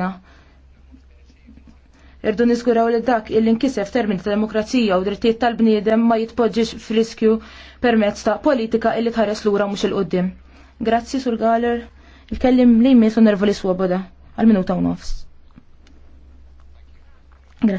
Na. Irdu niskuraw li dak il-inkisef termin ta' demokrazija u drittijiet tal-bniedem ma jitpoġġiġ friskju permezz ta' politika illi tħares lura mhux il-qoddim. Grazzi sur Galer, il-kellim li jmiss nervoli swoboda għal-minuta u nofs.